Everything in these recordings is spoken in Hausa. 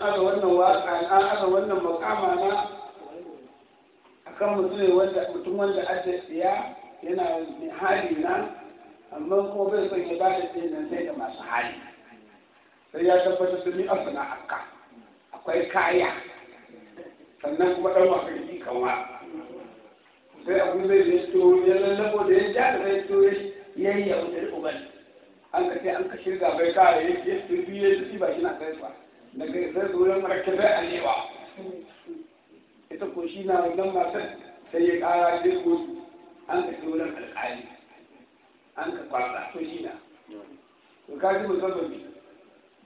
aka wannan waka na aka wannan makama na akan mutum wanda mutum wanda ake tsiya yana mai hali na amma ko bai son ya bada tsiya nan sai da masu hali sai ya tabbatar da ni na haka akwai kaya sannan kuma ɗan wasan yi kanwa sai abu zai da ya to ya lallabo da ya ja da zai to ya yi ya wuce da uban an ka an ka shirga bai kawai ya ce biyu ya ci ba shi na kai ba daga sai zuwa markabai alewa ita ko shi na wannan matar sai ya kara sai ko an ka zuwa alƙali an ka kwasa to shi na to ka ji musabbabi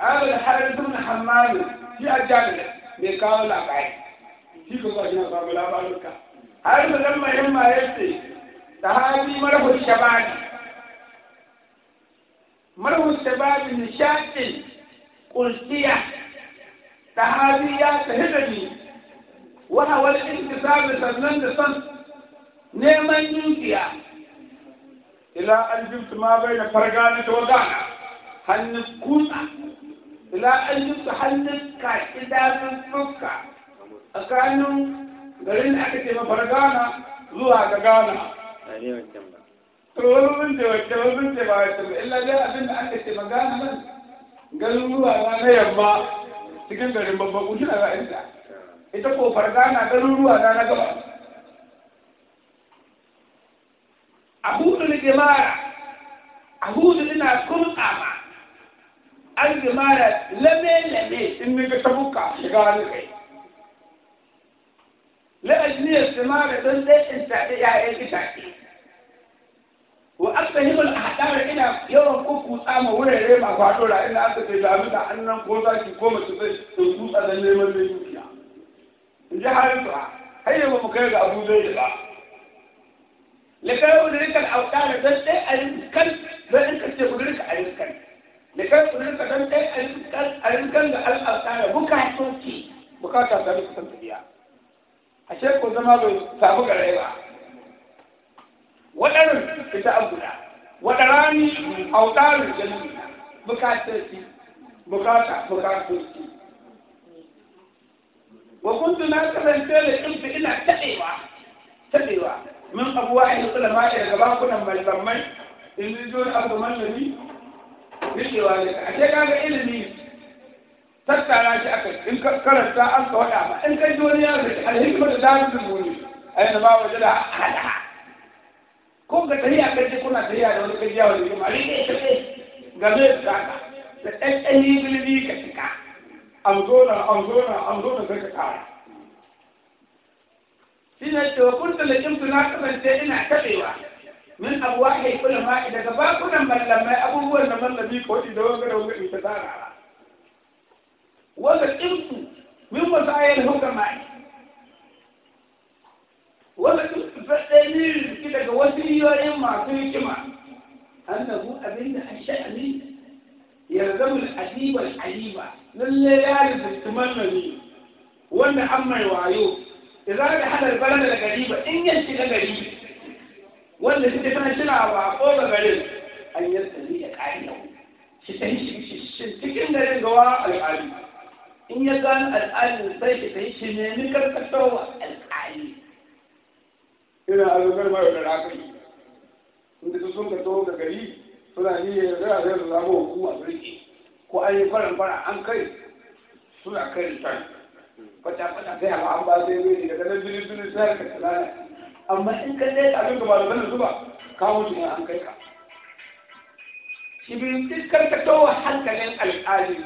قال الحارث بن حماد في الجامع بيقال لا قاعد في كوكا هنا باب لا بالك har da zama yin ma yace da hali marhul shababi marhul shababi nishaɗi ƙulsiya sahabi ya shahida ne wa wal intisabi sannan da san neman dukiya ila an jibtu ma bayna fargana da wadana hannun kusa ila an jibtu hannun ka idanun fuska tsakanin garin da aka ce mafargana zuwa ga gana to wani mun ce wacce wani mun ce ba wacce ba illa dai abin da aka ce magana nan garuruwa na yamma cikin garin babban kushi na za ta ita ko farka na ɗaruruwa na na gaba a hudu da jimara a hudu ina kun ama an jimara lame-lame in ni ga tabuka shiga wani kai la'ajiniyar jimara don ɗaya in taɗe ya'yan itace wa astahimu al-ahdar ina yawan kuku tsama wurare ma kwadora ina aka ce da mu da annan ko ki ko su sai su kusa da neman da dukiya in ji harin ba har yau mu kai ga Abu Zaid ba kai lakai wani rikal aukar dan dai alimkan dan in ka ce ku rika alimkan lakai ku rika dan dai alimkan alimkan da al-aukar bukatoci bukata ta rika san tafiya ashe ko zama bai samu gare ba waɗannan fita a guda waɗarani autarin jami'a bukatarki bukata bukatarki wa kuntu na kasance da ilfi ina taɗewa taɗewa min abuwa in sulama ya daga bakunan malamai in ji zuwa abu mallami rikewa ne a ce kaga ilimi tattara shi aka in karanta an ka wada ma in kai duniya da alhikmar da zai zuwa ne ayyana ba wajen da hada ko ga tafiya karshe kuna tafiya da wani kajiya wani kuma rike ga game da saka da ɗan yi ka cika an zo na zai ka kara shi ne cewa kun talakin su na kasance ina tabewa min abuwa ke kula ma'i daga bakunan mallamai abubuwan da mallami ko da wanga da wanga in ta tsara wanda ƙinku min wasu ayar hukama'i wanda faɗa ne kika ga wasu riyoyin masu hikima annahu abinda an sha'ani yalzamu al-adiba al-aliba lalle ya rubuta mannani wanda an mai wayo idan da hadar balada da gariba in ya shiga gari wanda shi tana shira ba ko ga garin an yi tsari da ƙari yau shi ta yi cikin garin gawa al'adu in ya gano al'adu sai shi ta yi shi ne ni karkatarwa al'adu ina azumar mara da rafi inda su sun kato da gari suna yi ya zara zai su zama hukuma a birki ko an yi fara fara an kai suna kai da ritan fata fata sai ba an ba zai bai daga nan jini jini sai ka kalala amma in ka ne ta abin da malaman su ba kawo shi an kai ka shi bi dukkan ka taho hankalin alƙali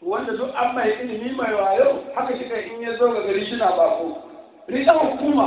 wanda duk an mai ilimi mai wayo haka shi in ya zo ga gari shi na bako ritan hukuma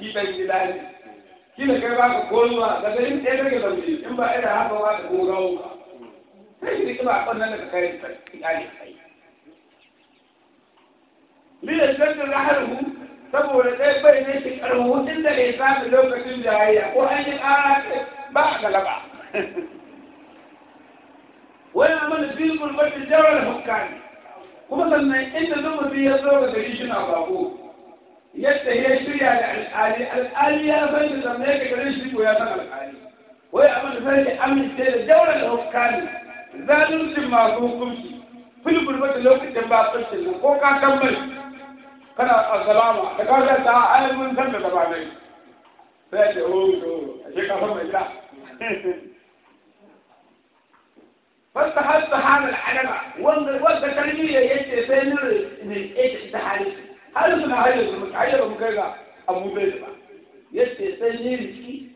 في بين الله kila kai ba ka kolma daga in ɗaya daga zambi in ba irin haka ba da kuma gawo ba sai shi rikima a ɓannan daga kare tsari kai liyar canjin raharhu saboda ɗaya bai ne shi ƙarhu inda ne samu lokacin jayayya ko an yi ƙara ba a galaba wani amana zirgin mafi jawar hukka ne kuma sannan inda zuma ya zo ga gari shi na bako yadda ya shirya da alƙali alƙali ya san da zamne ka gare shi ko ya san alƙali wai abin da sai amince da daular hukami zaluncin masu hukunci filibin wata lokacin ba kusur nan ko ka kammai kana asalama da ka zai ta ayin mun san da gaba ne sai ce o yo a ce ka san mai ta fasta har ta hana al'adama wanda wanda tarbiyya yake sai nuna ne ita ta hali har suna hayar su muka hayar mu kai ga abu bai ba yace sai ni riki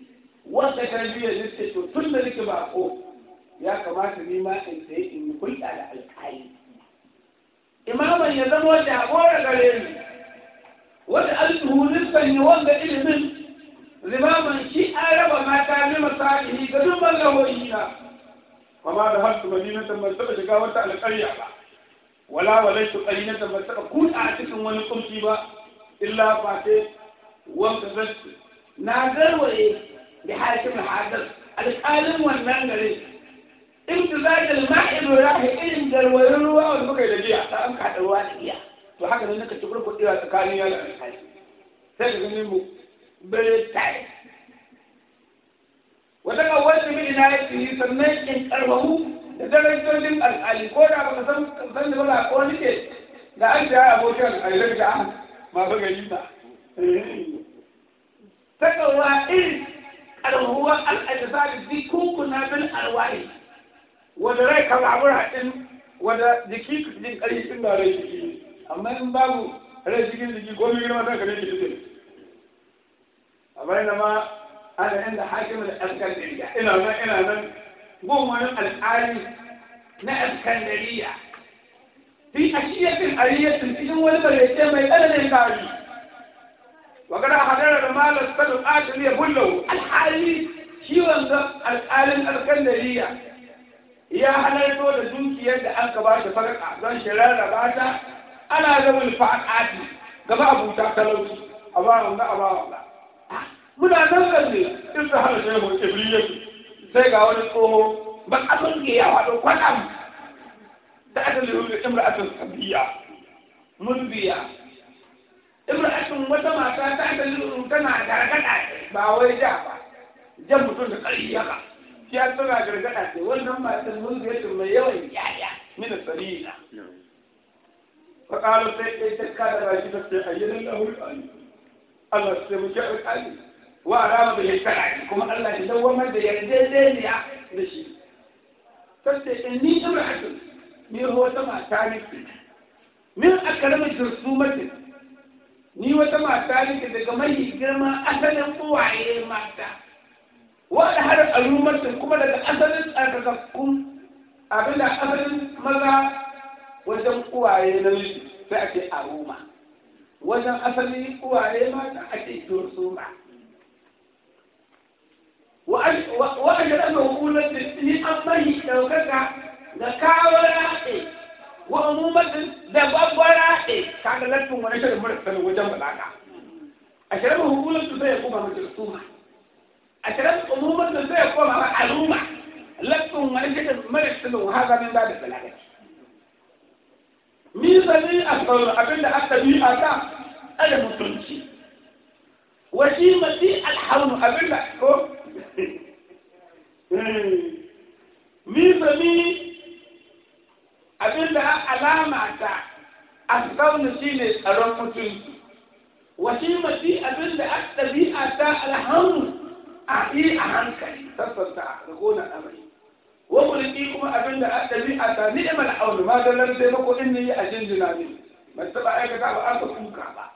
wata kan biya yace to tun da nake ba ko ya kamata ni ma in sai in yi hulɗa da alƙali imaman ya zama wanda hakora gare ni wanda alƙuhu nisban yi wanda ilimin limaman shi an raba mata ne masalihi ga duk bangawoyi na kama da har su madinatan ban taɓa shiga wata alƙarya ba ولا ولا شقرينة بسقة كون أعتك وانا قمت با إلا فاتي وانت بس ناظر وإيه بحاجة إيه من حاجة الحالم والمعنري انت ذات المحب راحي إيه انت الوروة والمكة إلى جيعة تأمك حتى الوالية وحكذا انك تقرب إلى تكاني يا لعنى حاجة سيد غنيمو بالتعي ودك أولت من إنايته سميك انت da darajojin al'ali ko da baka san san da ba ko nike da an da abokin al'ali da an ma ba gari ba takawa in alhuwa al'adabari fi kukuna bil alwahi wanda rai ka babura din wanda jiki jin ƙarfi din da rai jiki amma in babu rai jikin jiki ko mi girma sai ka ne jiki amma ina ma ana inda hakimin askar ina nan ina nan وهو يقل الآية نقل كالنبيع في أشياء في الآية في جوة لبر يتامى يقل الآية وقال حضر المال أستاذ الآية اللي يقول له الحالي شيرا ذا الآية الكالنبيع يا حضر دولة دونك يدى أنك باشا فرق أحزان شرارة باشا أنا ذو الفعل آتي قضى أبو تعتلوتي أبا الله أبا الله منا نزل لي إذا حضر شيرا إبريتي sai ga wani tsoho ba a sun ya wato kwanam da aka lura imra'atun sabiya mulbiya imra'atun wata mata ta aka lura tana gargada ba wai ja ba jan mutum da ƙarfi yaka shi ya tana gargada ce wannan matan mulbiyatun mai yawan yaya mina sarina فقالوا سيدي تكاد راشدة أيضا له الآن الله سيمجع الآن wa rama bil istihadi kuma Allah ya dawamar da yarjejeniya da shi sai ni imra'atun ni wata mata ne min akramin jursumatin ni wata mata ne daga mai girma asalin uwaye mata wa da har alumatin kuma daga asalin tsarkakakkun abinda asalin maza wajen uwaye na sai ake aruma wajen asalin uwaye mata ake jursuma وأجل أنه قولت لأطيه لو كاكا لكاوراء وأمومة لبابراء كان لكم ونشر مرسل وجنب العقا أشربه قولت سيقوم مجلسوما أشربت أمومة سيقوم معلومة لكم ونشر مرسل وهذا من باب البلاغة ميزاني أفضل أبدا حتى بيئة أنا مطلسي وشيمتي الحون أبدا كم Eh. mi fa mi abinda alama ta a asbaunu shine tsaron mutunci mafi abinda a ɗabi'a ta alhamu a yi a hankali sassanta da gona amai wa mulki kuma abinda a ɗabi'a ta ni'imar aunu ma da nan sai mako in yi a jinjina ne ban taɓa aikata ba aka kuka ba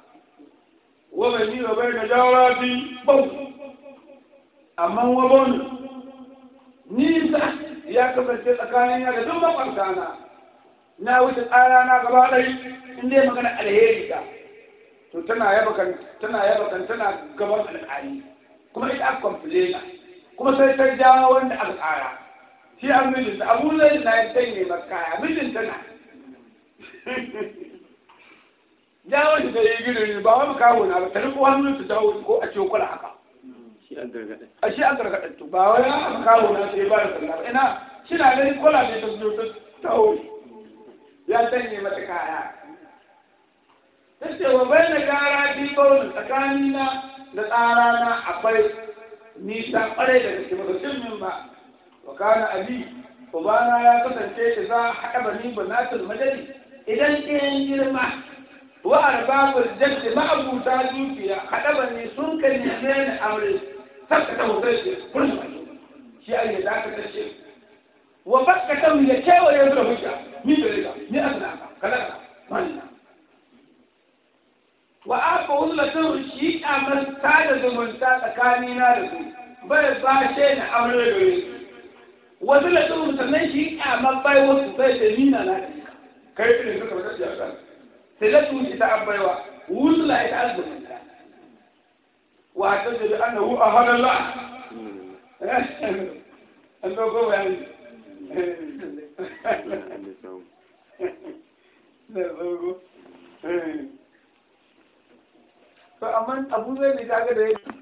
wa bai ni wa bai da jawarati bau amma wa bonu nisa ya kasance tsakanin ya da duk makwabta na na wuce tsara na gaba ɗari in dai magana alheri ta to tana yaba kan tana yaba kan tana gaban alƙali kuma ita aka kwamfilena kuma sai ta jawo wanda aka tsara shi an mijinta abu zai na ya tanye makaya mijinta na ya wani da ya gina ne ba wani kawo na ba ta riko mutu su dawo ko a ce haka an gargaɗe a shi an gargaɗe to ba wai kawo na sai ba da sallah ina shi ganin kola ne ta zo ta tawo ya sanye mata kaya ta ce wa bai na gara bibon tsakanina da na akwai nisa ƙwarai da gaske masa cin min ba wa kana abi ubana ya kasance da za a haɗa bani banatul madani idan ɗayan girma wa arbabul jaddi ma'abuta dukiya haɗa bani sun kan neme ni aure فك توفيش كل شيء أي ذاك الشيء وفك توي يكوى ويبره وجه مي بريدا مي أبنا كذا من وأبو الله تقول شيء أمر كذا زمن تاتا كانينا رسول بل باشين أمر رسول wasu da sun sannan shi kyamar baiwa su sai da nina na kai ne suka fata siyasa sai da sun shi ta an baiwa wusula ita arziki Wa jiri an da hu a hannun la. zai ne da yake.